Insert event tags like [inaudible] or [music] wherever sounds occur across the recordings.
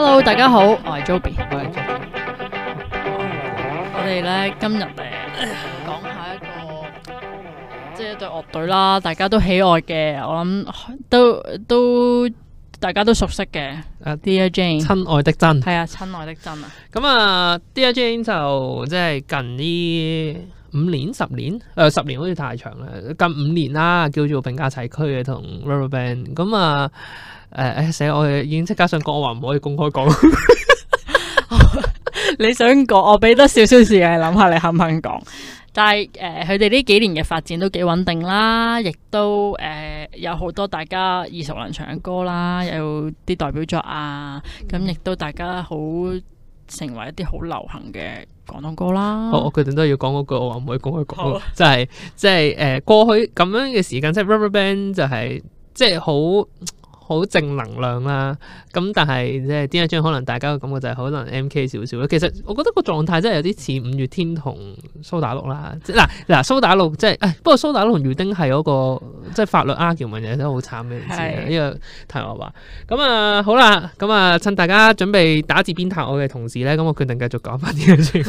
Hello，大家好，我係 Joey，我係 Joey。我哋咧今日咧講下一個即係對樂隊啦，大家都喜愛嘅，我諗都都大家都熟悉嘅。Dear Jane，親愛的真，係啊，親愛的真啊。咁啊，Dear Jane 就即係近呢五年、十年，誒，十年好似太長啦，近五年啦，叫做並駕齊驅嘅同 RubberBand。咁啊。誒誒，死我嘅演出加上講，我話唔可以公開講。你想講，我俾多少少時間諗下，想想你肯唔肯講？但係誒，佢哋呢幾年嘅發展都幾穩定啦，亦都誒、呃、有好多大家耳熟能詳嘅歌啦，有啲代表作啊，咁亦都大家好成為一啲好流行嘅廣東歌啦。我、 [laughs] 哦、我決定都要講嗰句，我話唔可以公開講、那個，即係即係誒過去咁樣嘅時間，即係 Rubberband 就係即係好。好正能量啦，咁但係即係呢一張可能大家嘅感覺就係可能 MK 少少啦。其實我覺得個狀態真係有啲似五月天同蘇打綠啦。嗱、啊、嗱、啊，蘇打綠即係，不過蘇打綠同魚丁系嗰、那個。即係法律啊，拗撬問題都好慘嘅，知呢是的 個題我話咁啊，好啦，咁啊，趁大家準備打字鞭撻我嘅同時咧，咁我決定繼續講翻啲嘢先。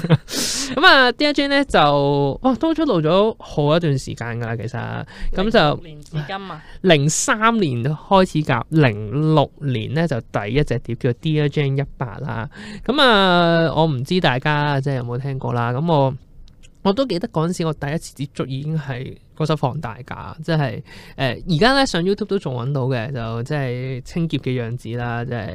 咁啊，DJ 咧就哇、哦、都出道咗好一段時間噶啦，其實咁就至今啊，零三、呃、年開始夾，零六年咧就第一隻碟叫 DJ 一八啦。咁啊、嗯呃，我唔知大家即係有冇聽過啦。咁我。我都記得嗰陣時，我第一次接觸已經係嗰首放大假，即係誒而家咧上 YouTube 都仲揾到嘅，就即係清潔嘅樣子啦，即係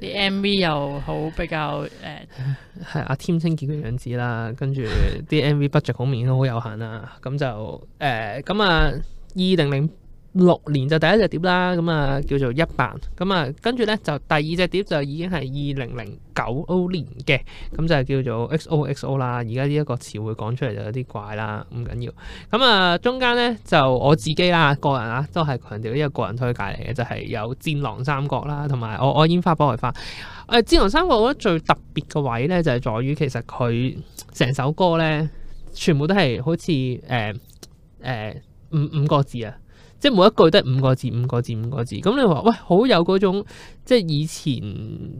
啲 MV 又好比較誒，係阿、 [laughs] 啊、添清潔嘅樣子啦，跟住啲 [laughs] MV budget 好明顯好有限啦，咁就誒咁、呃、啊二零零六年就第一隻碟啦，咁啊叫做一版，咁啊跟住咧就第二隻碟就已經係二零零九 O 年嘅，咁就叫做 X O X O 啦。而家呢一個詞彙講出嚟就有啲怪啦，唔緊要。咁啊中間咧就我自己啦，個人啊都係強調呢一個個人推介嚟嘅，就係有《戰狼三國》啦，同埋我我煙花幫佢花。誒《戰狼三國》我覺得最特別嘅位咧就係在於其實佢成首歌咧全部都係好似誒誒五五個字啊。即係每一句都係五個字五個字五個字，咁你話喂，好有嗰種即係以前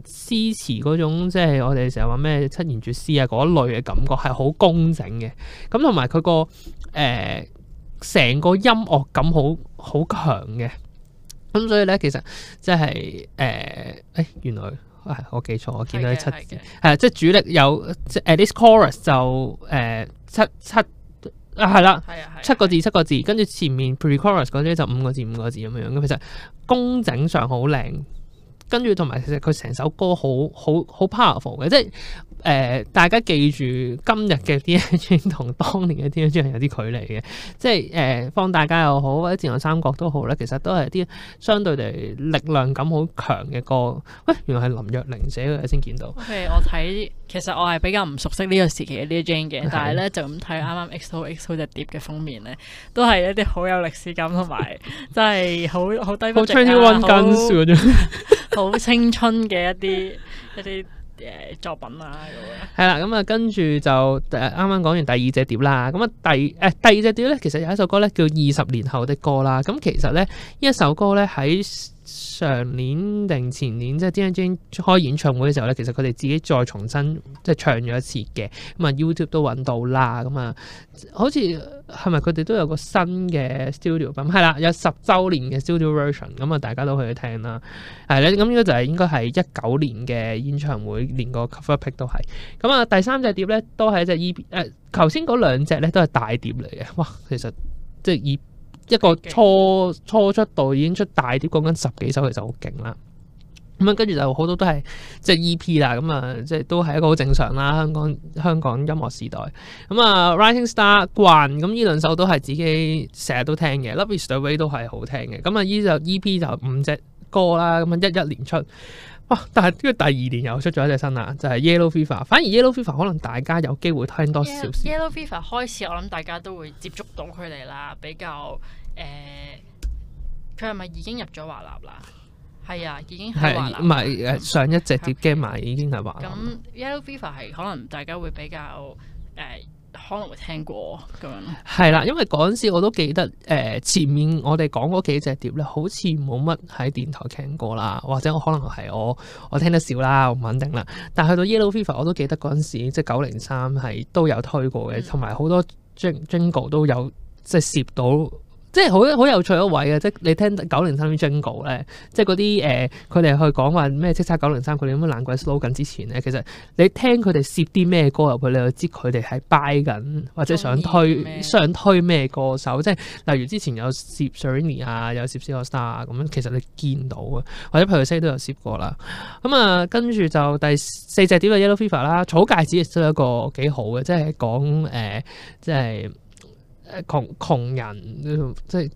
詩詞嗰種即係我哋成日話咩七言絕詩啊嗰類嘅感覺係好工整嘅，咁同埋佢個誒成個音樂感好好強嘅，咁所以咧其實即係誒誒原來、哎、我記錯，我見到係七字，係即係主力有即係 at this chorus 就誒七、呃、七。七啊，係啦，的七個字七個字，跟住的前面 prechorus 嗰啲就五個字五個字咁樣，樣嘅，其實工整上好靚。跟住同埋，其實佢成首歌好好好 powerful 嘅，即係誒、呃，大家記住今日嘅 DJ 同當年嘅 DJ 係有啲距離嘅，即係誒、呃，方大家又好或者自狼三角都好咧，其實都係啲相對嚟力量感好強嘅歌。喂，原來係林若寧寫嘅我先見到。係、okay，我睇，其實我係比較唔熟悉呢個時期嘅 DJ 嘅，但係咧就咁睇啱啱 X O X O 隻碟嘅封面咧，都係一啲好有歷史感同埋，真係 [laughs] 好好低分。穿條 [laughs] 好青春嘅一啲一啲誒作品啊咁樣，係啦咁啊，跟住就誒啱啱講完第二隻碟啦，咁啊第誒第二隻碟咧，其實有一首歌咧叫《二十年後的歌》啦，咁其實咧呢一首歌咧喺，上年定前年，即係 Justin 開演唱會嘅時候咧，其實佢哋自己再重新即係唱咗一次嘅。咁啊 YouTube 都揾到啦。咁、嗯、啊，好似係咪佢哋都有個新嘅 studio 版？係啦，有十週年嘅 studio version。咁啊，大家都去聽啦。係咧，咁應該就係、是、應該係一九年嘅演唱會，連個 cover pic 都係。咁、嗯、啊，第三隻碟咧都係一隻 EP、呃。誒，頭先嗰兩隻咧都係大碟嚟嘅。哇，其實即係一個初初出道已經出大碟，講緊十幾首其實好勁啦。咁啊，跟住就好多都係即係 E.P. 啦。咁啊，即係都係一個好正常啦，香港香港音樂時代。咁啊，Rising Star 慣咁呢兩首都係自己成日都聽嘅。Love is the way 都係好聽嘅。咁啊，呢隻 E.P. 就五隻歌啦。咁啊，一一年出。哇、啊！但係呢個第二年又出咗一隻新啦，就係、是、Yellow Fever。反而 Yellow Fever 可能大家有機會聽多少少。Yellow Fever 開始，我諗大家都會接觸到佢哋啦，比較誒，佢係咪已經入咗華納啦？係啊，已經係華。唔係誒，上一隻碟驚埋，已經係華。咁 Yellow Fever 係可能大家會比較誒。呃可能會聽過咁樣咯，係啦，因為嗰陣時我都記得誒、呃、前面我哋講嗰幾隻碟咧，好似冇乜喺電台聽過啦，或者我可能係我我聽得少啦，唔肯定啦。但係去到 Yellow Fever 我都記得嗰陣時，即係九零三係都有推過嘅，同埋好多 Jingle 都有即係攝到。即係好好有趣一位嘅，即係你聽九零三 Jingle 咧，即係嗰啲誒，佢哋去講話咩叱咤九零三，佢哋咁樣難鬼 slow 緊之前咧，其實你聽佢哋攝啲咩歌入去，你就知佢哋係 buy 緊，或者想推想推咩歌手，即係例如之前有攝 Serrini 啊，有攝 C AllStar 咁樣，其實你見到啊，或者譬如 C 都有攝過啦。咁、嗯、啊，跟住就第四隻碟嘅 Yellow Fever 啦，草戒指亦都係一個幾好嘅，即係講誒，即係。窮窮人即係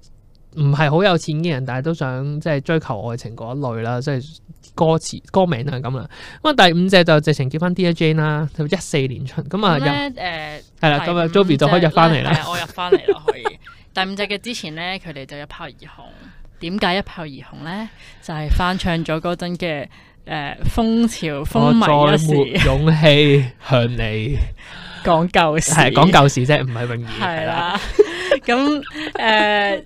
唔係好有錢嘅人，但係都想即係追求愛情嗰一類啦，即係歌詞歌名啊咁啦。咁啊第五隻就直情叫翻 D J 啦，就一四年春。咁啊。咁咧誒係啦，咁啊 Joby 就可以入翻嚟，啦。我入翻嚟咯，可以。 [laughs] 第五隻嘅之前咧，佢哋就一炮而紅。點解一炮而紅咧？就係、是、翻唱咗嗰陣嘅誒，風潮風靡一時，我再冇勇氣向你。 [laughs] 講舊事係講舊事啫，唔係永遠。係啦，咁誒、 [laughs] 嗯，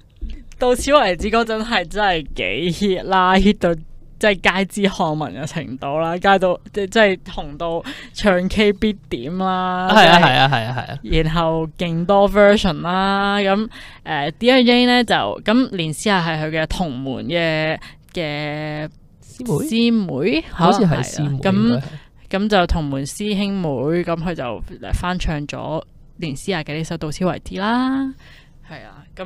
到此為止嗰陣係真係幾 hit 啦，hit 到即係街知巷聞嘅程度啦，街到即即係紅到唱 K 必點、啊、以啦。係啊，係啊，係啊，係啊。然後勁多 version 啦，咁、嗯、誒、嗯、，DJ 咧就咁連詩雅係佢嘅同門嘅嘅師妹，師妹好似係師妹咁。咁就同門師兄妹，咁佢就嚟翻唱咗連詩雅嘅呢首，到此為止啦。係啊，咁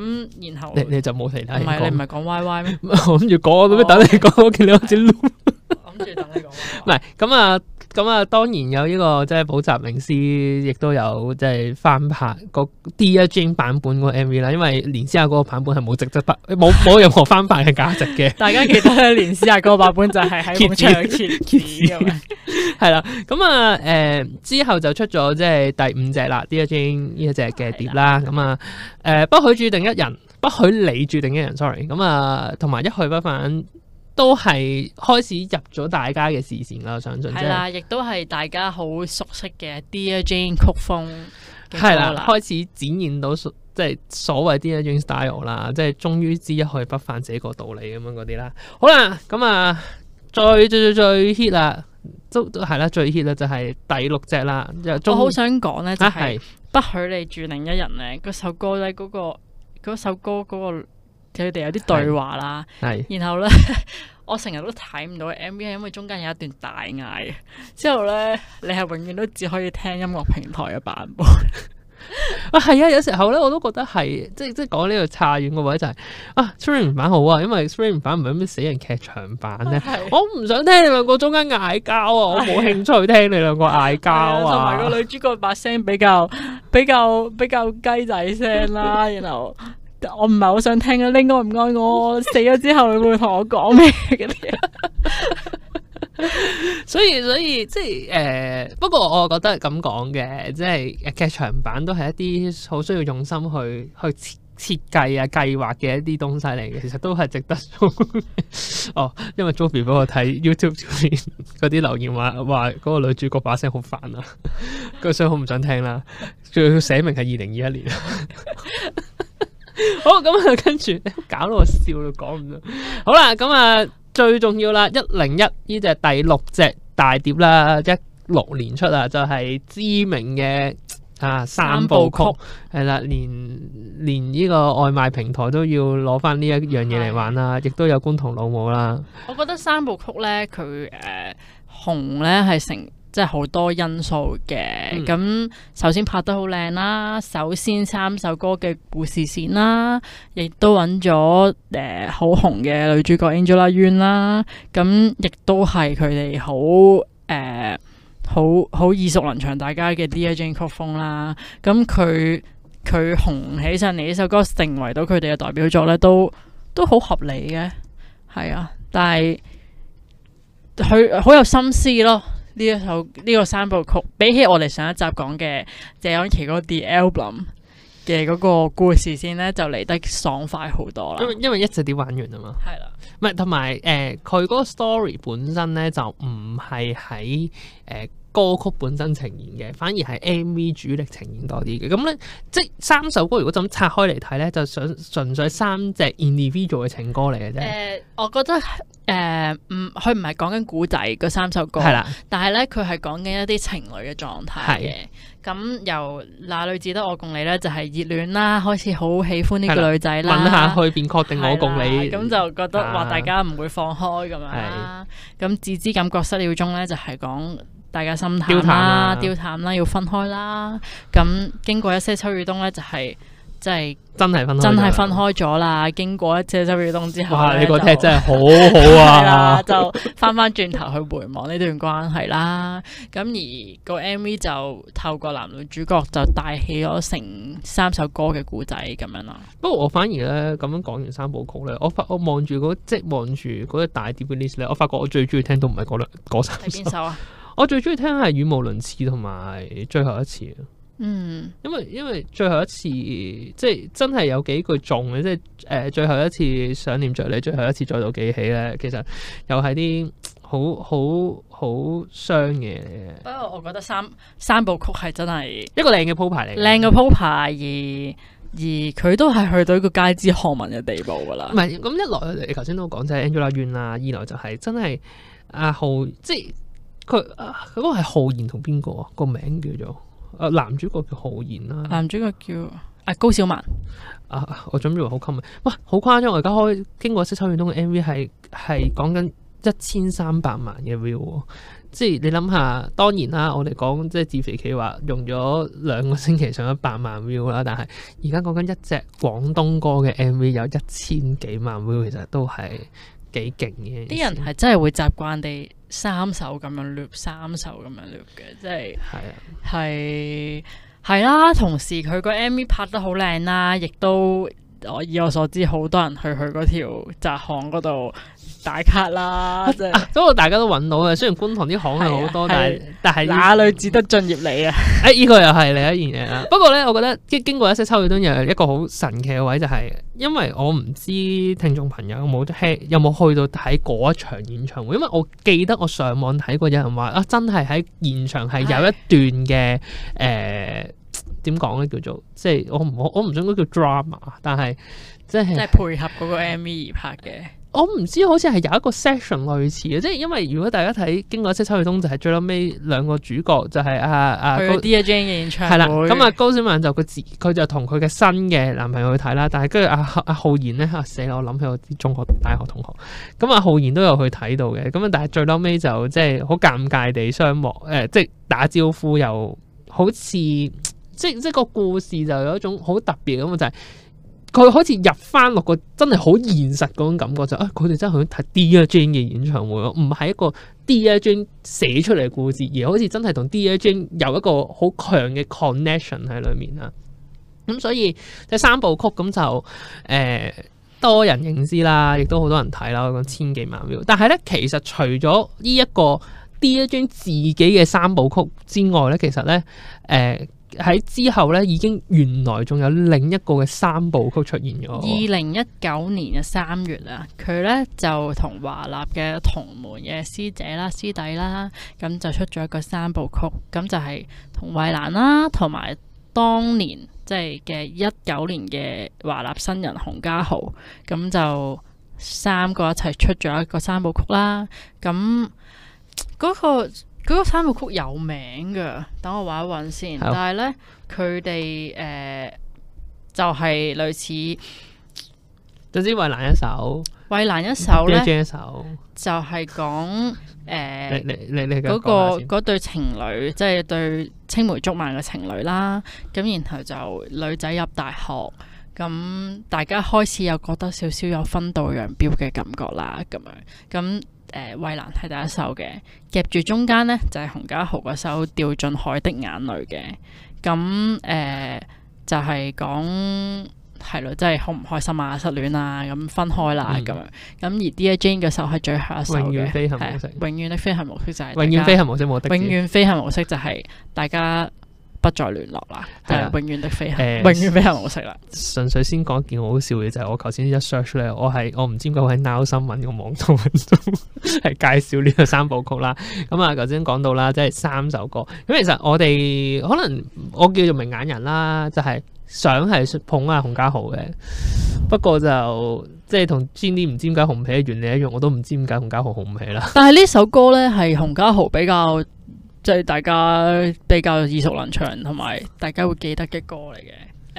然後你你就冇其他，唔係你唔係講 Y Y 咩？諗住講，咁樣等你講，我見你開始碌，諗住等你講，嗱，咁啊。咁啊，當然有呢個即係補習名師，亦都有即係翻拍個 DJ 版本個 MV 啦。因為連詩雅嗰個版本係冇值值冇冇任何翻版嘅價值嘅。 [laughs] 大家記得連詩雅嗰個版本就係喺冇有前史嘅。係啦，咁、嗯、啊，誒之後就出咗即係第五隻啦 DJ 呢一隻嘅碟啦。咁啊、 [laughs] 嗯，誒、嗯、不許注定一人，不許你注定一人。Sorry，咁、嗯、啊，同埋一去不返。都係開始入咗大家嘅視線啦，我相信係啦，亦都係大家好熟悉嘅 Dear Jane 曲風係啦，開始展現到即係所謂 Dear Jane style 啦，即係終於知一去不返這個道理咁樣嗰啲啦。好啦，咁啊，最最最最 hit 啦，都係啦，最 hit 啦就係第六隻啦。我好想講咧，就係不許你注定一人咧。嗰、啊啊、首歌咧，嗰、嗰個嗰首歌嗰、嗰個。佢哋有啲對話啦，係是，然後咧，是 [laughs] 我成日都睇唔到 MV，因為中間有一段大嗌，之後咧，你係永遠都只可以聽音樂平台嘅版本。 [laughs] 啊，係啊，有時候咧，我都覺得係，即即，即講呢個差遠嘅位就係、是、啊，stream 版好啊，因為 stream 版唔係咩死人劇場版咧，啊啊、我唔想聽你兩個中間嗌交啊，啊我冇興趣聽你兩個嗌交啊，同埋、啊、個女主角把聲比較比較比較，比較雞仔聲啦、啊，然後。我唔係好想聽啊，l o 唔愛我死咗之後，你會同我講咩啲？所以所以即係誒，不過我覺得咁講嘅，即係劇場版都係一啲好需要用心去去設設計啊計劃嘅一啲東西嚟嘅，其實都係值得做。 [laughs] 哦，因為 Joey 幫我睇 YouTube 嗰啲留言話話嗰個女主角把聲好煩啊， [laughs] 所以好唔想聽啦。仲要寫明係二零二一年 [laughs] [laughs] 好咁啊，跟住搞到我笑到，講唔到。好啦，咁啊最重要啦，一零一呢隻第六隻大碟啦，一六年出、就是、啊，就係知名嘅啊三部曲係啦，連連呢個外賣平台都要攞翻呢一樣嘢嚟玩啦，亦都的有官同老母啦。我覺得三部曲咧，佢誒、呃、紅咧係成。即係好多因素嘅，咁首先拍得好靚啦，首先三首歌嘅故事線啦，亦都揾咗誒好紅嘅女主角 Angela Yuen 啦，咁亦都係佢哋好誒好好耳熟能詳大家嘅 Dear Jane 曲風啦，咁佢佢紅起上嚟呢首歌成為到佢哋嘅代表作呢，都都好合理嘅，係啊，但係佢好有心思咯。呢一首呢、呢個三部曲，比起我哋上一集講嘅謝安琪嗰《The Album》嘅嗰個故事線咧，就嚟得爽快好多啦。因為因為一直點玩完啊嘛。係啦的，唔係同埋誒，佢嗰個 story 本身咧，就唔係喺誒。歌曲本身呈現嘅，反而係 MV 主力呈現多啲嘅。咁咧，即三首歌如果咁拆開嚟睇咧，就想純粹三隻 individual 嘅情歌嚟嘅啫。誒、呃，我覺得誒，唔、呃，佢唔係講緊古仔嗰三首歌，係啦是的。但係咧，佢係講緊一啲情侶嘅狀態嘅。咁是的、嗯、由那裏只得我共你咧，就係熱戀啦，開始好喜歡呢個女仔啦。吻下去便確定我共你。咁就覺得話、啊、大家唔會放開咁樣啦。咁的、嗯、自知感覺失了中咧，就係、是、講。就是講大家心淡啦，心淡啦，要分開啦。咁經過一些秋雨冬咧，就係即係真係分真係分開咗啦。經過一些秋雨冬之後，哇！呢個聽真係好好啊。就翻翻轉頭去回望呢段關係啦。咁而個 MV 就透過男女主角就帶起咗成三首歌嘅故仔咁樣咯。不過我反而咧咁樣講完三部曲咧，我發我望住嗰即係望住嗰隻大碟嘅 list 咧，我發覺我最中意聽都唔係嗰兩首。係邊首啊？我最中意聽係語無倫次，同埋最後一次。嗯，因為因為最後一次即係真係有幾句中嘅，即係誒、呃、最後一次想念着你，最後一次再度記起咧。其實又係啲好好好傷嘅。不過我覺得三三部曲係真係一個靚嘅鋪排嚟，靚嘅鋪排而而佢都係去到一個街知巷聞嘅地步噶啦。唔係咁一來你頭先都講咗 Angela 怨啦，二來就係，是，真係阿浩即係。佢嗰個係浩然同邊個啊？個名叫做誒、啊、男主角叫浩然啦、啊。男主角叫誒高小曼。啊，我諗住好吸引。哇，好誇張！而家開經過《色彩變通》嘅 M V 係係講緊一千三百萬嘅 view，即係你諗下。當然啦、啊，我哋講即係自肥企話用咗兩個星期上一百萬 view 啦。但係而家講緊一隻廣東歌嘅 M V 有一千幾萬 view，其實都係幾勁嘅。啲人係真係會習慣地。三首咁樣錄，三首咁樣錄嘅，即係。係係。係 [noise] 啦、啊。同時佢個 MV 拍得好靚啦，亦都。我以我所知，好多人去佢嗰條窄巷嗰度打卡啦，即係，不過大家都揾到嘅。雖然觀塘啲巷係好多，但係但係哪裏只得進業你啊？誒，呢個又係另一樣嘢啦。 [laughs] 不過咧，我覺得即係經過一些秋氣燈入，一個好神奇嘅位就係，因為我唔知聽眾朋友有冇聽，有冇去到睇嗰一場演唱會。因為我記得我上網睇過有人話啊，真係喺現場係有一段嘅誒。呃點講咧？呢叫做即係我唔我唔想講叫 drama，但係即係即係配合嗰個 MV 而拍嘅。我唔知好似係有一個 section 類似嘅，即係因為如果大家睇經過一次秋去冬，嗯、就係最 last 尾兩個主角就係阿阿高 Dear Jane 嘅演唱會係啦。咁啊，嗯嗯、高小曼就個字佢就同佢嘅新嘅男朋友去睇啦。但係跟住阿阿浩然咧，啊死啦！我諗起我啲中學、大學同學咁、嗯、啊，浩然都有去睇到嘅。咁啊，但係最 last 尾就即係好尷尬地雙目誒，即係打招呼又好似。即即個故事就有一種好特別咁啊，就係、是、佢好似入翻落個真係好現實嗰種感覺，就啊佢哋真係好想睇 D. A. J. 嘅演唱會咯，唔係一個 D. A. J. 寫出嚟嘅故事，而好似真係同 D. A. J. 有一個好強嘅 connection 喺裡面啦。咁、嗯、所以，第、就是、三部曲咁就誒、呃、多人認知啦，亦都好多人睇啦，咁千幾萬秒。但係咧，其實除咗呢一個 D. A. J. 自己嘅三部曲之外咧，其實咧誒。呃喺之後呢，已經原來仲有另一個嘅三部曲出現咗。二零一九年嘅三月啊，佢呢就同華納嘅同門嘅師姐啦、師弟啦，咁就出咗一個三部曲，咁就係同衛蘭啦，同埋當年即係嘅一九年嘅華納新人洪家豪，咁就三個一齊出咗一個三部曲啦。咁嗰個。嗰個三部曲有名嘅，等我玩一玩先。好但係呢，佢哋誒就係、是、類似，總之衛蘭一首，衛蘭一首呢，一首就係講誒，你你嗰個嗰對情侶，即、就、係、是、對青梅竹馬嘅情侶啦。咁然後就女仔入大學，咁大家開始又覺得少少有分道揚鑣嘅感覺啦，咁樣咁。誒，衛蘭係第一首嘅，夾住中間呢就係、是、洪家豪洪嘉豪嗰首《掉進海的眼淚》嘅，咁、呃、誒就係講係咯，真係好唔開心啊，失戀啊，咁分開啦、啊、咁、嗯、樣，咁而 Dear Jane 嘅首係最後一首嘅，係永遠的飛行模式就係永遠飛行模式永遠飛行模式就係大家。不再聯絡啦，係啊的，永遠的飛行，嗯、永遠飛行冇識啦。純粹先講一件好笑嘅就係、是，我頭先一 search 咧，我係我唔知點解喺 Now 新聞個網度係介紹呢個三部曲啦。咁、嗯、啊，頭先講到啦，即係三首歌。咁其實我哋可能我叫做明眼人啦，就係、是、想係捧阿洪家豪嘅。不過就即係同 Jenny 唔知點解紅唔起嘅原理一樣，我都唔知點解洪家豪紅唔起啦。但係呢首歌咧，係洪家豪比較。即係大家比較耳熟能詳，同埋大家會記得嘅歌嚟嘅。誒、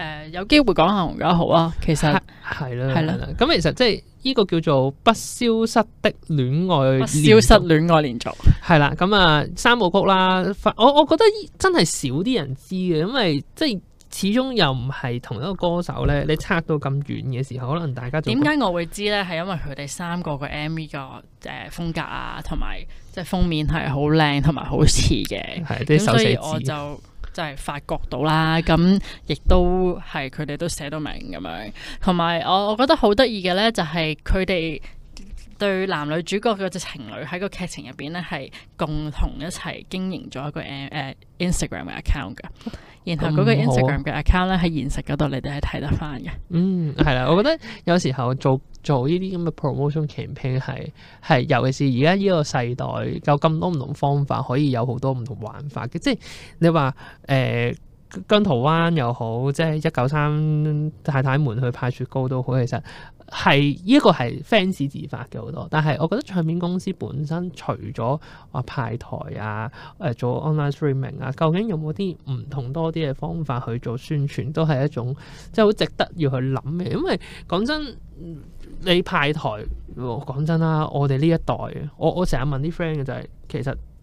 呃，有機會講下洪嘉豪啊。其實係啦，係啦。咁的的其實即係呢個叫做不消失的戀愛，不消失戀愛連續。係啦，咁啊，三部曲啦。我我覺得真係少啲人知嘅，因為即係。始終又唔係同一個歌手呢。你拆到咁遠嘅時候，可能大家點解我會知呢？係因為佢哋三個個 M V 個誒風格啊，同埋即係封面係好靚，同埋好似嘅。係啲手寫字，所以我就即係發覺到啦。咁亦都係佢哋都寫到名咁樣。同埋我我覺得好得意嘅，呢就係佢哋對男女主角嗰隻情侶喺個劇情入邊呢，係共同一齊經營咗一個誒誒 Instagram account 嘅。然後嗰個 Instagram 嘅 account 咧，喺現實嗰度，好你哋係睇得返嘅。嗯，係啦，我覺得有時候做做呢啲咁嘅 promotion campaign 係係，尤其是而家呢個世代有咁多唔同方法，可以有好多唔同玩法嘅。即係你話誒。呃姜濤灣又好，即係一九三太太們去派雪糕都好，其實係呢一個係 fans 自發嘅好多。但係我覺得唱片公司本身除咗話、啊、派台啊，誒、啊、做 online streaming 啊，究竟有冇啲唔同多啲嘅方法去做宣傳，都係一種即係好值得要去諗嘅。因為講真，你派台，講、哦、真啦，我哋呢一代，我我成日問啲 friend 嘅就係、是，其實。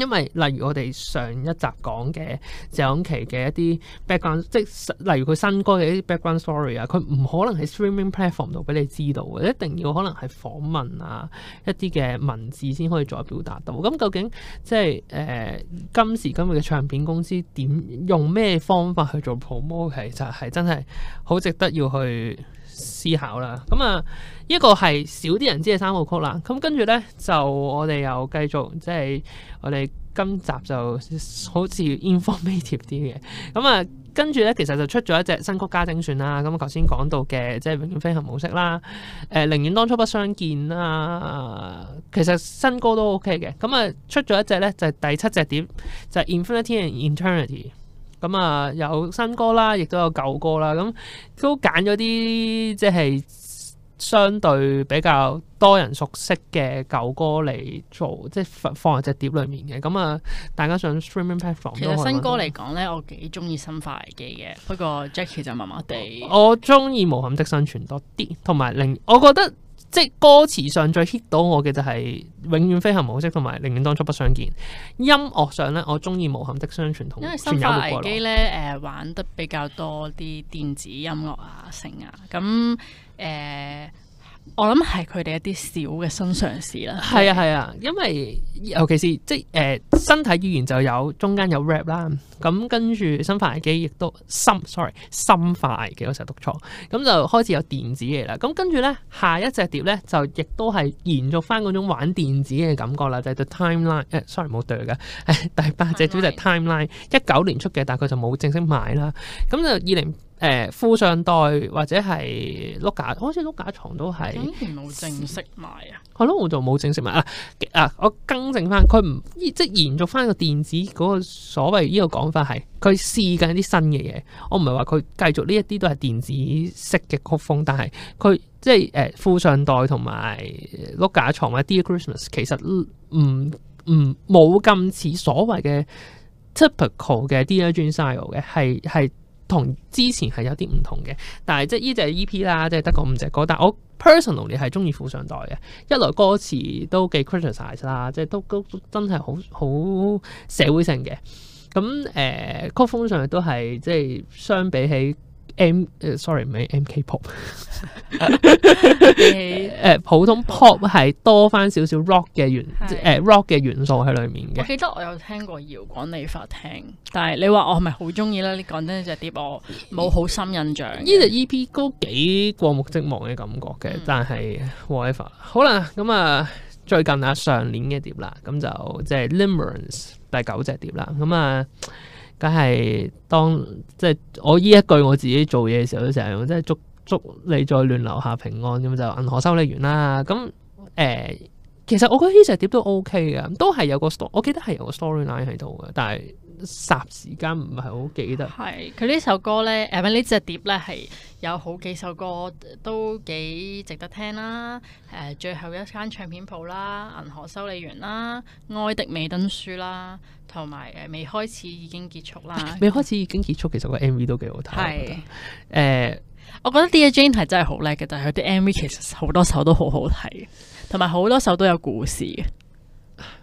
因為例如我哋上一集講嘅謝安琪嘅一啲 background，即例如佢新歌嘅一啲 background story 啊，佢唔可能喺 streaming platform 度俾你知道嘅，一定要可能係訪問啊，一啲嘅文字先可以再表達到。咁究竟即係誒、呃、今時今日嘅唱片公司點用咩方法去做 promo？其實係真係好值得要去。思考啦，咁啊，呢一個係少啲人知嘅三部曲啦，咁跟住咧就我哋又繼續即係我哋今集就好似 informative 啲嘅，咁啊跟住咧其實就出咗一隻新曲加精選啦，咁我頭先講到嘅即係永遠飛行模式啦，誒寧願當初不相見啦、呃，其實新歌都 OK 嘅，咁啊出咗一隻咧就係第七隻碟就係 Infinity and Eternity。咁啊、嗯，有新歌啦，亦都有舊歌啦，咁、嗯、都揀咗啲即係相對比較多人熟悉嘅舊歌嚟做，即係放喺入隻碟裏面嘅。咁、嗯、啊，大家想 streaming platform？其實新歌嚟講咧，我幾中意新快記嘅，不過 Jackie 就麻麻地。我中意無憾的生存多啲，同埋令我覺得。即係歌詞上最 hit 到我嘅就係永遠飛行模式同埋寧願當初不相見。音樂上咧，我中意無限的相傳統，因為新牌機咧，誒、呃，玩得比較多啲電子音樂啊，成啊，咁、嗯、誒。嗯嗯嗯我諗係佢哋一啲小嘅新嘗試啦。係啊係啊，因為尤其是即係誒，身體語言就有中間有 rap 啦。咁跟住生化危機亦都深，sorry，深化危機我成日讀錯。咁就開始有電子嘢啦。咁跟住咧，下一隻碟咧就亦都係延續翻嗰種玩電子嘅感覺啦。就係、是、The Timeline，誒、哎、，sorry 冇對噶、哎，第八隻碟 tim、嗯、就 Timeline，一九年出嘅，但係佢就冇正式賣啦。咁就二零。誒富、呃、上代或者係碌架，好似碌架床都係。冇正式賣啊。係咯，我就冇正式賣啊！啊，我更正翻，佢唔即係延續翻個電子嗰個所謂呢個講法係，佢試緊啲新嘅嘢。我唔係話佢繼續呢一啲都係電子式嘅曲風，但係佢即係誒富上代同埋碌架床或者 Dear Christmas 其實唔唔冇咁似所謂嘅 typical 嘅 Dear John style 嘅係係。同之前係有啲唔同嘅，但係即係呢隻 EP 啦，即係得個五隻歌。但係我 personally 係中意《富上代》嘅，一來歌詞都幾 criticize 啦，即係都都真係好好社會性嘅。咁誒、呃、曲風上都係即係相比起。M，sorry，唔係 M K pop，誒 [laughs] [music] 普通 pop 係多翻少少 rock 嘅元，誒 rock 嘅元素喺裏、 [music] 嗯呃、面嘅。我記得我有聽過搖滾理髮廳，但係你話我係咪好中意咧？你講緊呢隻碟我冇好深印象。呢隻 EP 都幾過目即忘嘅感覺嘅，嗯、但係 whatever。好啦，咁、嗯、啊，最近啊上年嘅碟啦，咁就即係 l i m e r a n c e 第九隻碟啦，咁、嗯、啊。嗯嗯梗係當，當即係我依一句我自己做嘢嘅時候，都成日即係祝祝你再亂留亂流下平安咁就銀行收禮員銀河修理員啦。咁誒、呃，其實我覺得呢隻碟都 OK 嘅，都係有個 story，我記得係有個 storyline 喺度嘅，但係。霎時間唔係好記得，係佢呢首歌咧，誒呢隻碟咧係有好幾首歌都幾值得聽啦。誒、呃、最後一間唱片鋪啦，銀河修理員啦，哀的美敦書啦，同埋誒未開始已經結束啦、哎。未開始已經結束，其實個 M V 都幾好睇。係誒是，我覺得 Dear Jane 係真係好叻嘅，但係佢啲 M V 其實好多首都好好睇，同埋好多首都有故事嘅。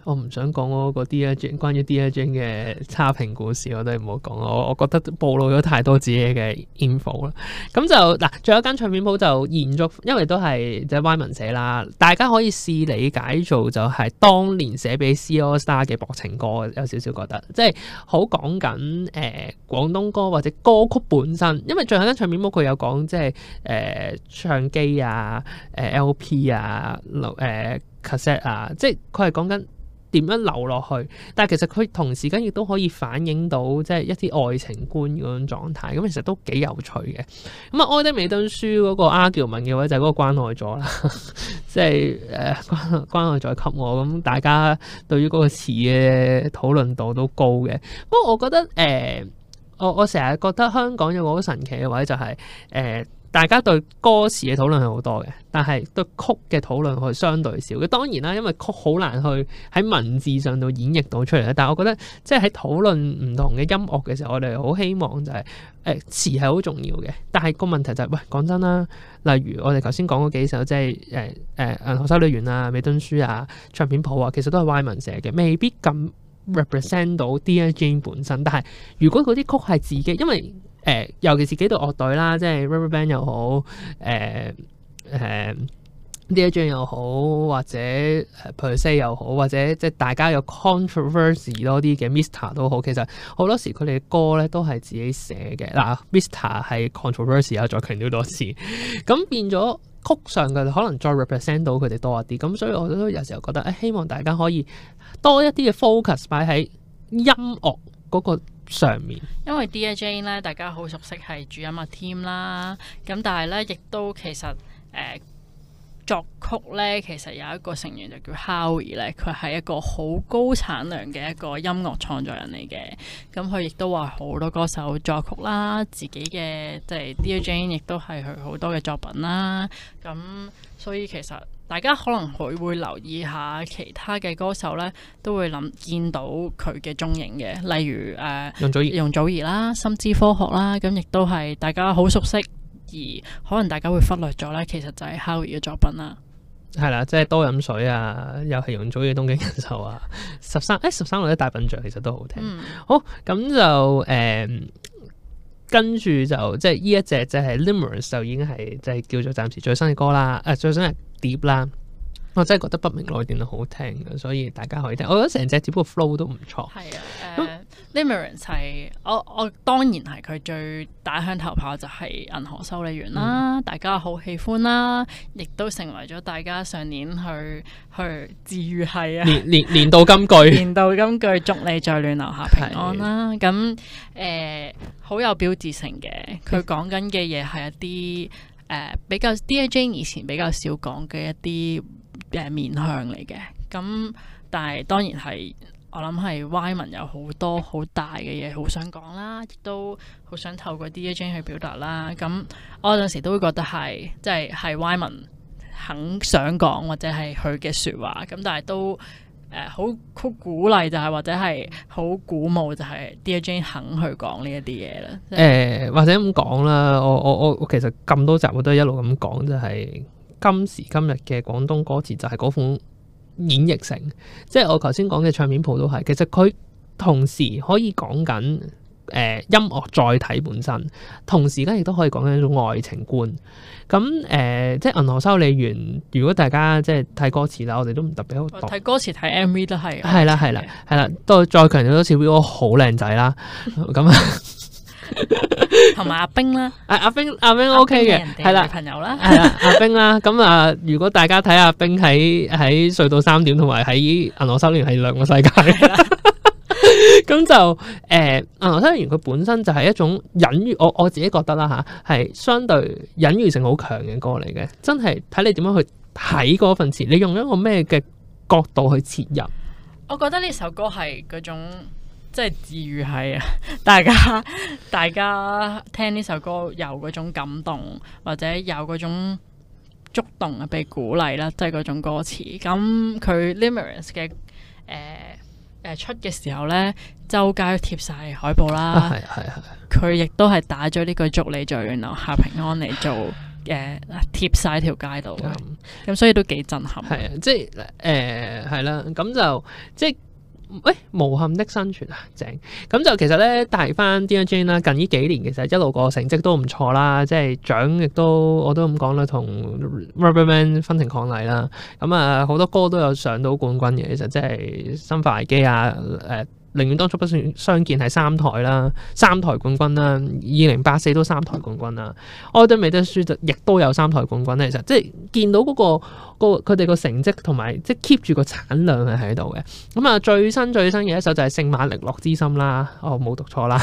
我唔想講嗰 d i 啊，關於 d i 張嘅差評故事，我都係唔好講。我我覺得暴露咗太多自己嘅 info 啦。咁就嗱，最後一間唱片鋪就延續，因為都係即係歪文寫啦。大家可以試理解做就係當年寫俾 C AllStar 嘅《薄情歌》，有少少覺得即係好講緊誒、呃、廣東歌或者歌曲本身。因為最後間唱片鋪佢有講即係誒、呃、唱機啊，誒、呃、LP 啊，誒、呃。呃啊，即係佢係講緊點樣流落去，但係其實佢同時間亦都可以反映到即係一啲愛情觀嗰種狀態，咁其實都幾有趣嘅。咁啊，愛德美登書嗰個阿喬文嘅位就係嗰個關愛咗啦， [laughs] 即、呃、係誒關關愛咗給我，咁大家對於嗰個詞嘅討論度都高嘅。不過我覺得誒、呃，我我成日覺得香港有個好神奇嘅位就係、是、誒。呃大家對歌詞嘅討論係好多嘅，但係對曲嘅討論係相對少嘅。當然啦，因為曲好難去喺文字上度演繹到出嚟啦。但係我覺得即係喺討論唔同嘅音樂嘅時候，我哋好希望就係誒詞係好重要嘅。但係個問題就係喂，講真啦，例如我哋頭先講嗰幾首即係誒誒《銀河修理員》啊，《美敦書》啊，《唱片譜》啊，其實都係外文寫嘅，未必咁 represent 到 DJ 本身。但係如果嗰啲曲係自己，因為誒、呃，尤其是幾度樂隊啦，即係 RubberBand 又好，誒誒 Dear Jane 又好，或者 per se 又好，或者即係大家有 controversy 多啲嘅 Mr. 都好，其實好多時佢哋歌咧都係自己寫嘅。嗱、呃、Mr. 係 controversy 有再強調多次，咁、嗯、變咗曲上嘅可能再 represent 到佢哋多一啲。咁、嗯、所以我都有時候覺得，誒、呃，希望大家可以多一啲嘅 focus 擺喺音樂嗰、那個，上面，因為 Dear Jane 咧，大家好熟悉係主音啊 team 啦，咁但係咧，亦都其實誒、呃、作曲咧，其實有一個成員就叫 Howie 咧，佢係一個好高產量嘅一個音樂創作人嚟嘅，咁佢亦都話好多歌手作曲啦，自己嘅即係 Dear Jane 亦都係佢好多嘅作品啦，咁所以其實。大家可能佢會留意下其他嘅歌手咧，都會諗見到佢嘅蹤影嘅，例如誒容、呃、祖兒、容祖兒啦，心之科學啦，咁亦都係大家好熟悉，而可能大家會忽略咗咧，其實就係 Harry 嘅作品啦。係啦，即係多飲水啊，又係容祖兒嘅東京人壽啊，十三誒、哎、十三路啲大笨象其實都好聽。嗯、好，咁就誒跟住就即係呢一隻就係 Limerence 就已經係就係叫做暫時最新嘅歌啦。誒、啊、最新。碟啦，我真係覺得不明來電都好聽嘅，所以大家可以聽。我覺得成隻碟個 flow 都唔錯。係啊，誒，Lemurian 係我我當然係佢最打響頭炮就係銀河修理員啦，嗯、大家好喜歡啦，亦都成為咗大家上年去去治癒系啊，年年年度金句，年度金句 [laughs] 祝你再亂流下平安啦。咁誒的、呃，好有標誌性嘅，佢講緊嘅嘢係一啲。誒比較 DJ 以前比較少講嘅一啲面向嚟嘅，咁但係當然係我諗係 Y 文有好多好大嘅嘢好想講啦，亦都好想透過 DJ 去表達啦。咁我有陣時都會覺得係即係係 Y 文肯想講或者係佢嘅説話，咁但係都。誒，好鼓勵就係，或者係好鼓舞就係 DJ 肯去講呢一啲嘢啦。誒，或者咁講啦，我我我其實咁多集我都係一路咁講，就係、是、今時今日嘅廣東歌詞就係嗰款演繹性，即係我頭先講嘅唱片鋪都係。其實佢同時可以講緊。誒，音樂載體本身，同時咧亦都可以講緊一種愛情觀。咁誒、呃，即係銀河修理員。如果大家即係睇歌詞啦，我哋都唔特別好睇歌詞，睇 M V 都係，係啦係啦係啦。再再強調多次，V 好靚仔啦。咁同埋阿冰啦、啊，阿阿冰阿冰 O K 嘅係啦，朋友啦係啦，阿冰啦。咁啊，如果大家睇阿冰喺喺隧道三點，同埋喺銀河修理員係兩個世界。 [laughs] [laughs] 咁就誒，羅生門佢本身就係一種隱喻，我我自己覺得啦嚇，係、啊、相對隱喻性好強嘅歌嚟嘅。真係睇你點樣去睇嗰份詞，你用一個咩嘅角度去切入？我覺得呢首歌係嗰種即係治癒系啊！大家大家聽呢首歌有嗰種感動，或者有嗰種觸動啊，被鼓勵啦，即係嗰種歌詞。咁佢 Limerence 嘅誒。呃出嘅時候咧，周街貼晒海報啦，係係係。佢亦都係打咗呢句祝你在遠留下平安嚟做誒、啊呃、貼晒條街度，咁、嗯、所以都幾震撼。係啊，即係誒係啦，咁、呃、就即係。喂、哎，無憾的生存啊，正咁就其實咧，帶翻 DJ 啦，近呢幾年其實一路個成績都唔錯啦，即係獎亦都我都咁講啦，同 Rubberman 分庭抗禮啦，咁啊好多歌都有上到冠軍嘅，其實即係《生化危機》啊，誒、呃。寧願當初不算相見，係三台啦，三台冠軍啦，二零八四都三台冠軍啦。愛德美德書就亦都有三台冠軍咧，其實即係見到嗰、那個佢哋個成績同埋即係 keep 住個產量係喺度嘅。咁、嗯、啊，最新最新嘅一首就係《聖馬力諾之心》啦。哦，冇讀錯啦。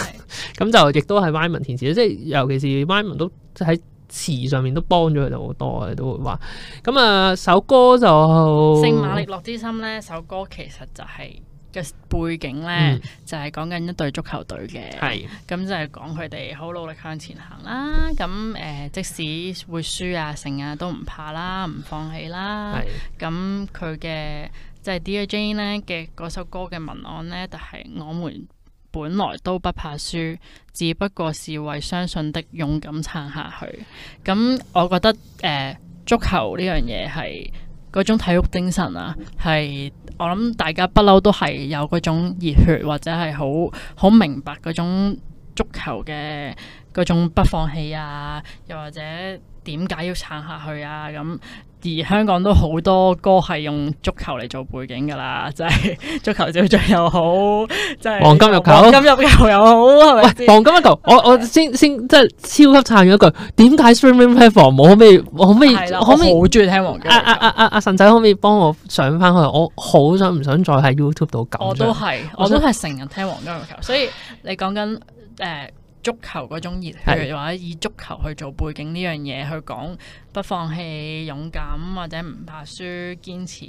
咁、 [laughs] 嗯、就是、亦都係 Wyman 填詞，即係尤其是 Wyman 都喺詞上面都幫咗佢哋好多嘅，你都會話。咁、嗯、啊，首歌就《嗯、聖馬力諾之心呢》咧，首歌其實就係、是。嘅背景呢，就係講緊一隊足球隊嘅，咁、嗯、就係講佢哋好努力向前行啦。咁誒、呃，即使會輸啊、剩啊，都唔怕啦，唔放棄啦。咁佢嘅即係 Dear Jane 呢嘅嗰首歌嘅文案呢，就係、是、我們本來都不怕輸，只不過是為相信的勇敢撐下去。咁我覺得誒、呃，足球呢樣嘢係嗰種體育精神啊，係。我諗大家不嬲都係有嗰種熱血或者係好好明白嗰種足球嘅嗰種不放棄啊，又或者。點解要撐下去啊？咁而香港都好多歌係用足球嚟做背景噶啦，即係足球小將又好，即係黃金入球，球，喂黃金入球又好，係咪？黃金入球，我、嗯、我先先即係超級撐咗一句，點解 Streaming Platform 可唔可以可唔可以？我好中意聽黃金，阿阿阿阿阿神仔可唔可以幫我上翻去？我好想唔想再喺 YouTube 度搞？我都係，我都係成日聽黃金入球，所以你講緊誒。呃足球嗰種熱，或者以足球去做背景呢樣嘢，去講不放棄、勇敢或者唔怕輸、堅持，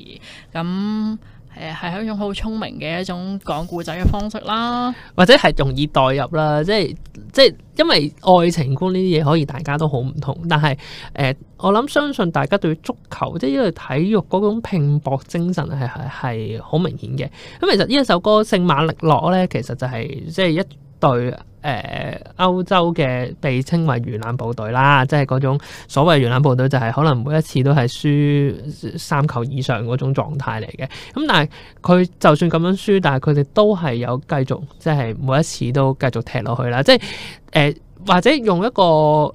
咁誒係一種好聰明嘅一種講故仔嘅方式啦，或者係容易代入啦，即係即係因為愛情觀呢啲嘢可以大家都好唔同，但係誒、呃、我諗相信大家對足球即係體育嗰種拼搏精神係係係好明顯嘅，咁其實呢一首歌《聖馬力諾》咧，其實就係、是、即係一。對誒、呃，歐洲嘅被稱為魚腩部隊啦，即係嗰種所謂魚腩部隊，就係可能每一次都係輸三球以上嗰種狀態嚟嘅。咁但係佢就算咁樣輸，但係佢哋都係有繼續，即係每一次都繼續踢落去啦。即係誒。呃或者用一個誒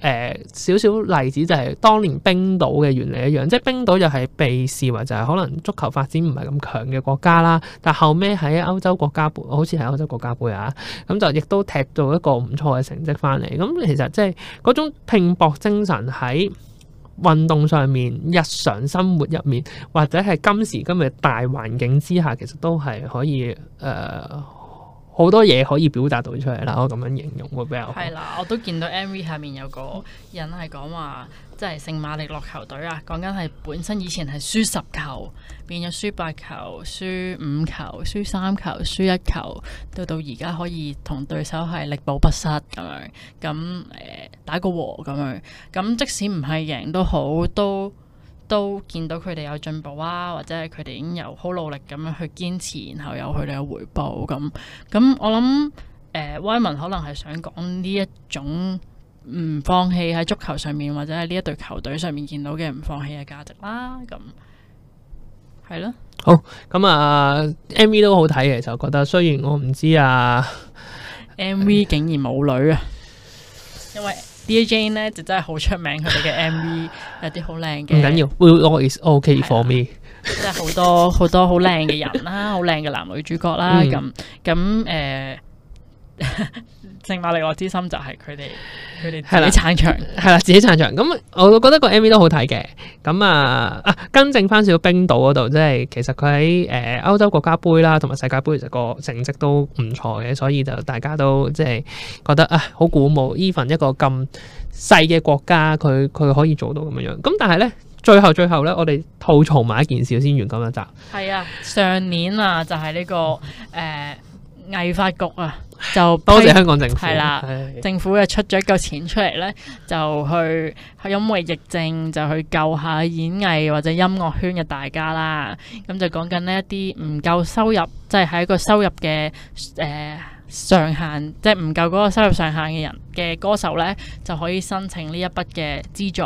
少少例子，就係、是、當年冰島嘅原理一樣，即係冰島又係被視為就係可能足球發展唔係咁強嘅國家啦。但後尾喺歐洲國家杯，好似係歐洲國家杯啊，咁就亦都踢到一個唔錯嘅成績翻嚟。咁、嗯、其實即係嗰種拼搏精神喺運動上面、日常生活入面，或者係今時今日大環境之下，其實都係可以誒。呃好多嘢可以表達到出嚟啦，我咁樣形容會比較係啦。我都見到 MV 下面有個人係講話，即係聖馬力諾球隊啊，講緊係本身以前係輸十球，變咗輸八球、輸五球、輸三球、輸一球，到到而家可以同對手係力保不失咁樣，咁誒、呃、打個和咁樣，咁即使唔係贏都好都。都見到佢哋有進步啊，或者係佢哋已經有好努力咁樣去堅持，然後有佢哋嘅回報咁。咁、嗯、我諗，誒、呃，威文可能係想講呢一種唔放棄喺足球上面，或者喺呢一隊球隊上面見到嘅唔放棄嘅價值啦。咁係咯。好，咁、嗯、啊，MV 都好睇嘅，就覺得雖然我唔知啊，MV 竟然冇女啊，嗯、因為。DAJ 呢就真係好出名，佢哋嘅 MV [laughs] 有啲好靚嘅。唔緊要，Will always okay for me。即係好多好多好靚嘅人啦，好靚嘅男女主角啦，咁咁誒。 [laughs] 聖馬利我之心就係佢哋、佢哋自己撐場，係啦自己撐場。咁我我覺得個 MV 都好睇嘅。咁啊啊，更正翻少少冰島嗰度，即係其實佢喺誒歐洲國家杯啦，啊，同埋世界杯其實個成績都唔錯嘅，所以就大家都即係覺得啊好鼓舞。Even 一個咁細嘅國家，佢佢可以做到咁樣樣。咁但係咧，最後最後咧，我哋吐槽埋一件事先完咁一集。係啊，上年啊，這個，就係呢個誒。藝發局啊，就多謝香港政府係啦，政府嘅出咗一嚿錢出嚟呢，就去因為疫症就去救下演藝或者音樂圈嘅大家啦。咁就講緊呢一啲唔夠收入，即係喺個收入嘅誒、呃、上限，即係唔夠嗰個收入上限嘅人嘅歌手呢，就可以申請呢一筆嘅資助，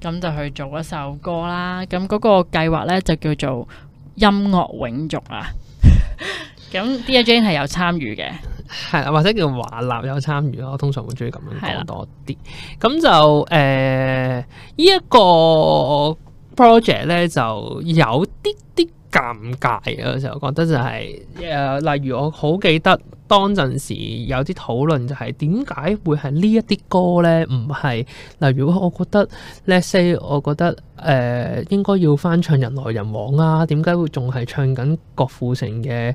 咁就去做一首歌啦。咁嗰個計劃呢，就叫做音樂永續啊。 [laughs] 咁 D&J i 係有參與嘅，係或者叫華納有參與咯。我通常會中意咁樣講多啲。咁的就誒，依、呃、一、這個 project 咧就有啲啲尷尬啊！就覺得就係、是、誒、呃，例如我好記得。當陣時有啲討論就係點解會係呢一啲歌咧？唔係，嗱，如果我覺得 Let's say，我覺得誒、呃、應該要翻唱人來人往啊，點解會仲係唱緊郭富城嘅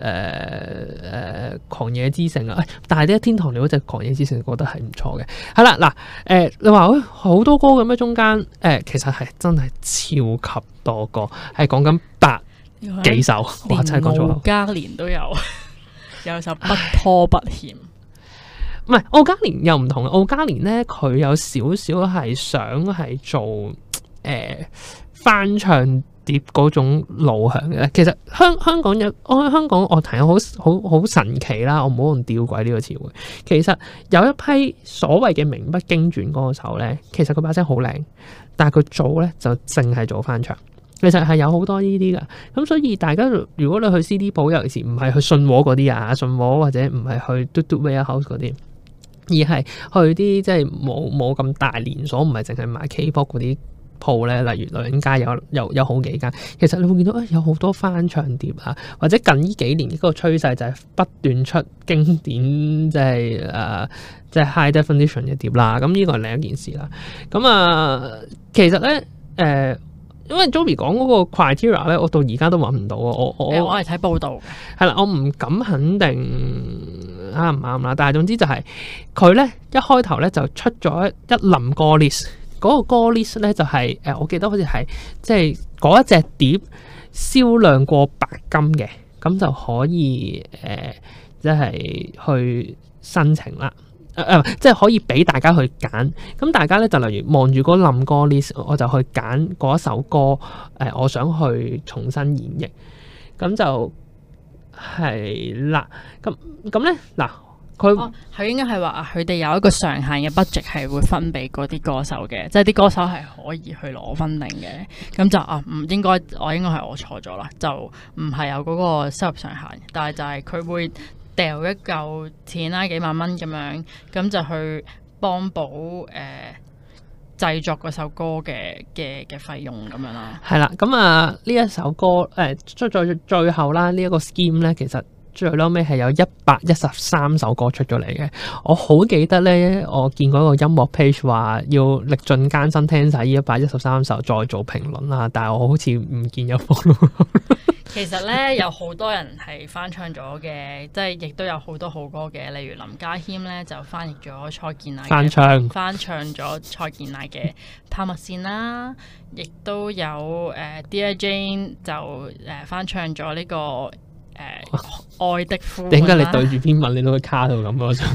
誒誒狂野之城啊？哎、但係呢一天堂，你好狂野之城，我覺得係唔錯嘅。係啦，嗱誒、呃，你話好、哎、多歌噉樣？中間誒其實係真係超級多歌，係講緊百幾首，我真係講錯。加年都有。 [laughs] 有首不拖不欠，唔係敖嘉年又唔同。敖嘉年咧，佢有少少係想係做誒、呃、翻唱碟嗰種路向嘅。其實香香港有我喺香港樂壇有好好好神奇啦。我唔好用吊詭呢個詞彙。其實有一批所謂嘅名不經傳歌手咧，其實佢把聲好靚，但係佢做咧就淨係做翻唱。其實係有好多呢啲㗎，咁所以大家如果你去 CD 鋪，尤其是唔係去信和嗰啲啊，信和或者唔係去嘟嘟咩 house 嗰啲，而係去啲即係冇冇咁大連鎖，唔係淨係賣 K-pop 嗰啲鋪咧，例如女人街有有有好幾間，其實你會見到、啊、有好多翻唱碟啊，或者近呢幾年一個趨勢就係不斷出經典，即係誒，即、啊、係、即係、high definition 嘅碟啦。咁呢個係另一件事啦。咁啊，其實咧，誒、呃。因為 Joey 講嗰個 criteria 咧，我到而家都揾唔到啊！我我我係睇報道嘅係啦，我唔敢肯定啱唔啱啦，但係總之就係佢咧一開頭咧就出咗一一輪歌 list 嗰個歌 list 咧就係、是、誒，我記得好似係即係嗰一隻碟銷，銷量過白金嘅咁就可以誒，即、呃、係、就是、去申請啦。誒、呃、即係可以俾大家去揀。咁大家咧，就例如望住嗰冧歌 list，我就去揀嗰一首歌，誒、呃，我想去重新演繹。咁就係啦。咁咁咧，嗱，佢佢、啊、應該係話，佢哋有一個上限嘅 budget 係會分俾嗰啲歌手嘅，即係啲歌手係可以去攞分定嘅。咁就啊，唔應該，我應該係我錯咗啦，就唔係有嗰個收入上限，但係就係佢會。掉一嚿錢啦，幾萬蚊咁樣，咁就去幫補誒、呃、製作嗰首歌嘅嘅嘅費用咁樣啦。係啦，咁啊呢一首歌誒，再、呃、再最、最、最後啦、啊，這個、呢一個 scheme 咧，其實。最後尾係有一百一十三首歌出咗嚟嘅，我好記得呢，我見過一個音樂 page 話要歷盡艱辛聽晒呢一百一十三首再做評論啦，但係我好似唔見有放。其實呢， [laughs] 有好多人係翻唱咗嘅，即係亦都有好多好歌嘅，例如林家謙呢，就翻譯咗蔡健雅翻唱翻唱咗蔡健雅嘅《探物線》啦，亦都有誒、uh, Dear Jane 就誒、uh, 翻唱咗呢、這個。誒，愛的呼喚，點解你對住篇文你都卡到咁我種？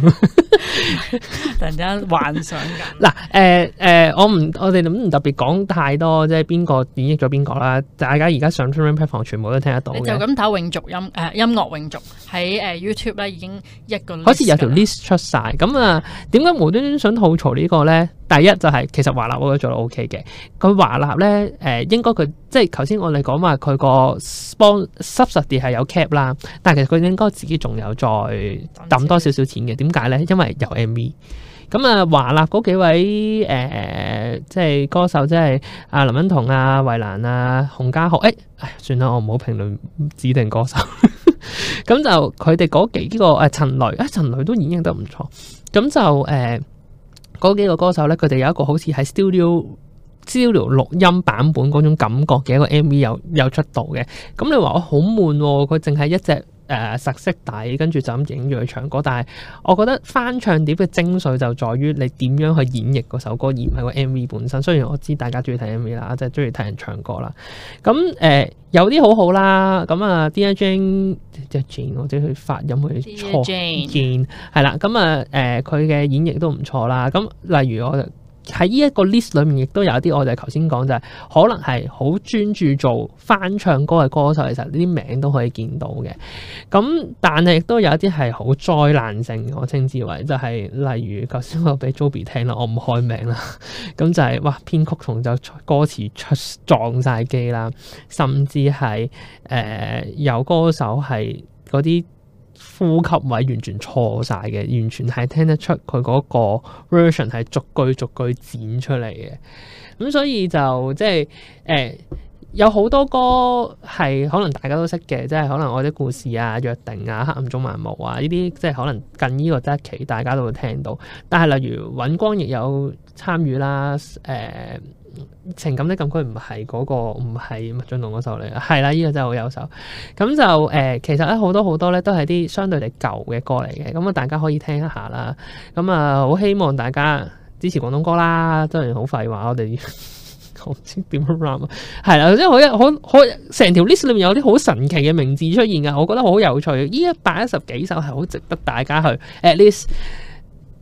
[laughs] 突然間幻想緊、呃。嗱、呃，誒、呃、誒，我唔，我哋諗唔特別講太多，即係邊個演繹咗邊個啦。大家而家上 Premium Pack 房，全部都聽得到嘅。就咁打永續音誒、呃，音樂永續喺誒 YouTube 咧已經一個好似有條 list 出晒。咁啊，點、呃、解無端端想吐槽個呢個咧？第一就係、是、其實華納我都做得 O K 嘅，佢華納咧誒、呃、應該佢即係頭先我哋講話佢個幫 subsidy 係有 cap 啦，但係其實佢應該自己仲有再抌多少少錢嘅。點解咧？因為有 MV。咁啊華納嗰幾位誒、呃、即係歌手，即係阿林欣彤、啊、衞蘭、啊、洪家豪。誒、哎、誒算啦，我唔好評論指定歌手。咁 [laughs] 就佢哋嗰幾個誒、呃、陳雷，誒、呃、陳雷都演繹得唔錯。咁就誒。呃嗰幾個歌手呢，佢哋有一個好似係 studio studio 錄音版本嗰種感覺嘅一個 MV 有有出道嘅，咁，嗯，你話我好悶喎，啊，佢淨係一隻。誒、呃、實色底，跟住就咁影住佢唱歌，但係我覺得翻唱碟嘅精髓就在於你點樣去演繹嗰首歌，而唔係個 MV 本身。雖然我知大家中意睇 MV 啦，即係中意睇人唱歌啦。咁誒、呃、有啲好好啦，咁啊 Dear Jane 或者去發音去錯見係啦。咁啊誒佢嘅演繹都唔錯啦。咁例如我。喺呢一個 list 裏面，亦都有一啲，我就係頭先講就係可能係好專注做翻唱歌嘅歌手，其實呢啲名都可以見到嘅。咁但係亦都有一啲係好災難性，我稱之為就係、是、例如，頭先我俾 Zobby 聽啦，我唔開名啦，咁 [laughs] 就係、是、哇編曲同就歌詞出撞晒機啦，甚至係誒、呃、有歌手係嗰啲。呼吸位完全錯晒嘅，完全係聽得出佢嗰個 version 係逐句逐句剪出嚟嘅。咁、嗯、所以就即係誒、呃，有好多歌係可能大家都識嘅，即係可能愛的故事啊、約定啊、黑暗中漫舞啊呢啲，即係可能近呢個 date 期，大家都會聽到。但係例如尹光亦有參與啦，誒、呃。情感的禁區，唔係嗰個，唔係麥浚龍嗰首嚟，係啦，呢、這個真係好有首。咁就誒、呃，其實咧好多好多咧都係啲相對嚟舊嘅歌嚟嘅，咁啊大家可以聽一下啦。咁啊，好、呃、希望大家支持廣東歌啦。真係好廢話，我哋好先點 program 係啦，即 [laughs] 係我一可可成條 list 裏面有啲好神奇嘅名字出現噶，我覺得好有趣。呢一百一十幾首係好值得大家去 at least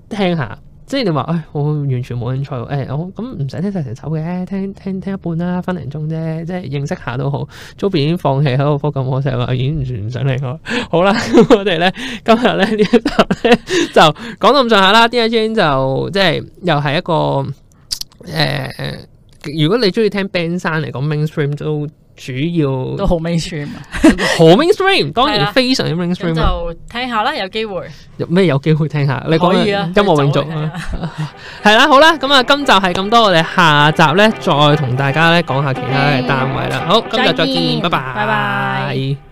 聽下。即係你話，誒，我完全冇興趣喎。誒，我咁唔使聽曬成首嘅，聽聽聽一半啦，分零鐘啫，即係認識下都好。早便已經放棄喺個風格，我成日話已經完全唔想理我。好啦，我哋咧今日咧呢一集咧就講到咁上下啦。D J 就即係又係一個誒，如果你中意聽 band 山嚟講 mainstream 都。主要都好 mainstream，好 mainstream， [laughs] 當然非常之 mainstream 了。啊、就聽下啦，有機會有咩有機會聽下，你可以啊，音樂永續啊，係啦， [laughs] 好啦，咁啊，今集係咁多，我哋下集咧再同大家咧講下其他嘅單位啦。好，今集再見，再見拜拜，拜拜。